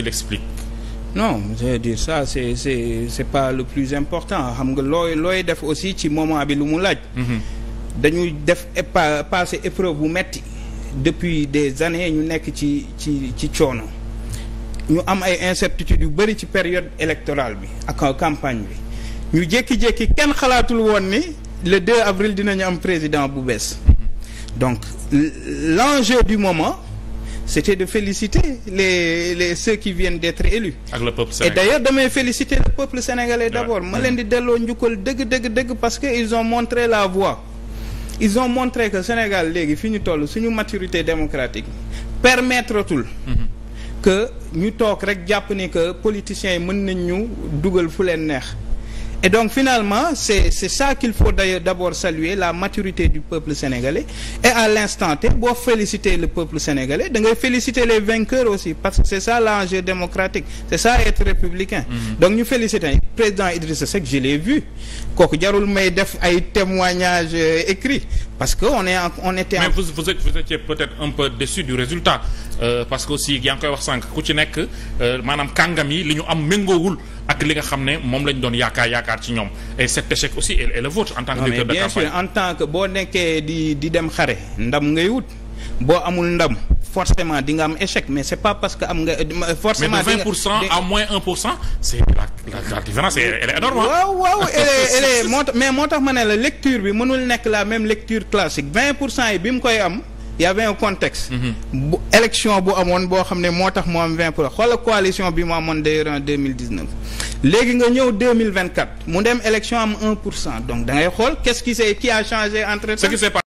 qui l'explique non je veux dire ça c'est c'est c'est pas le plus important xam nga looy looy def aussi ci moment bi lu mu laaj mhm. dañuy def pa passé épreuve bu metti depuis des années ñu nekk ci ci ci coono ñu am ay incertitudes yu bëri ci période électoral bi ak campagne bi ñu jékki-jékki kenn xalaatul woon ni le 2 avril dinañu am président bu bees mhm. donc l'enjeu du moment c'était de féliciter les les ceux qui viennent d'être élus. ak le peuple sénégalais et d'ailleurs damay féliciter le peuple sénégalais d'abord. ma leen di delloo njukkal dëgg dëgg dëgg parce que ils ont montré la voie. ils ont montré que Sénégal léegi fi ñu toll suñu maturité démocratique permettre tul mm-hmm. que ñu toog rek jàpp ni que politiciens yi mën nañ ñu dugal fu leen neex. et donc finalement c'est c'est ça qu'il faut d'ailleurs d'abord saluer la maturité du peuple sénégalais et à l'instant T boo féliciter le peuple sénégalais da ngay féliciter les vainqueurs aussi parce que c'est ça l'enjeu démocratique c'est ça être républicain mm-hmm. donc ñu féliciter président Idrissa Seck je l'ai vu kooku jarul may def ay témoignages euh, écrits parce que on est on était. mais vous vous étiez peut-être un peu déçu du résultat euh, parce que aussi yaa ngi koy wax sànq ku ci nekk euh, maanaam kàngam yi li ñu am méngoowul ak li nga xam ne moom lañ doon yaakaar yaakaar ci ñoom et cet échec aussi est le vôtre en tant que en tant que boo nekkee di di dem xare ndam ngay wut boo amul ndam. forcément di am échec mais c'est pas parce que am nga. forcément pour cent c'est la la la waaw waaw moo mais moo tax ma ne la lecture bi mënul nekk la même lecture classique 20 pour cent yi bi mu koy am. y avait contexte. Mm-hmm. bu élection bu amoon boo xam ne moo tax mu am 20 pour xoolal coalition bi mu amoon d'ailleurs en 2019 léegi nga ñëw 2024 mu dem élection am 1 pour cent donc da xool qu'est-ce qui s'est qui a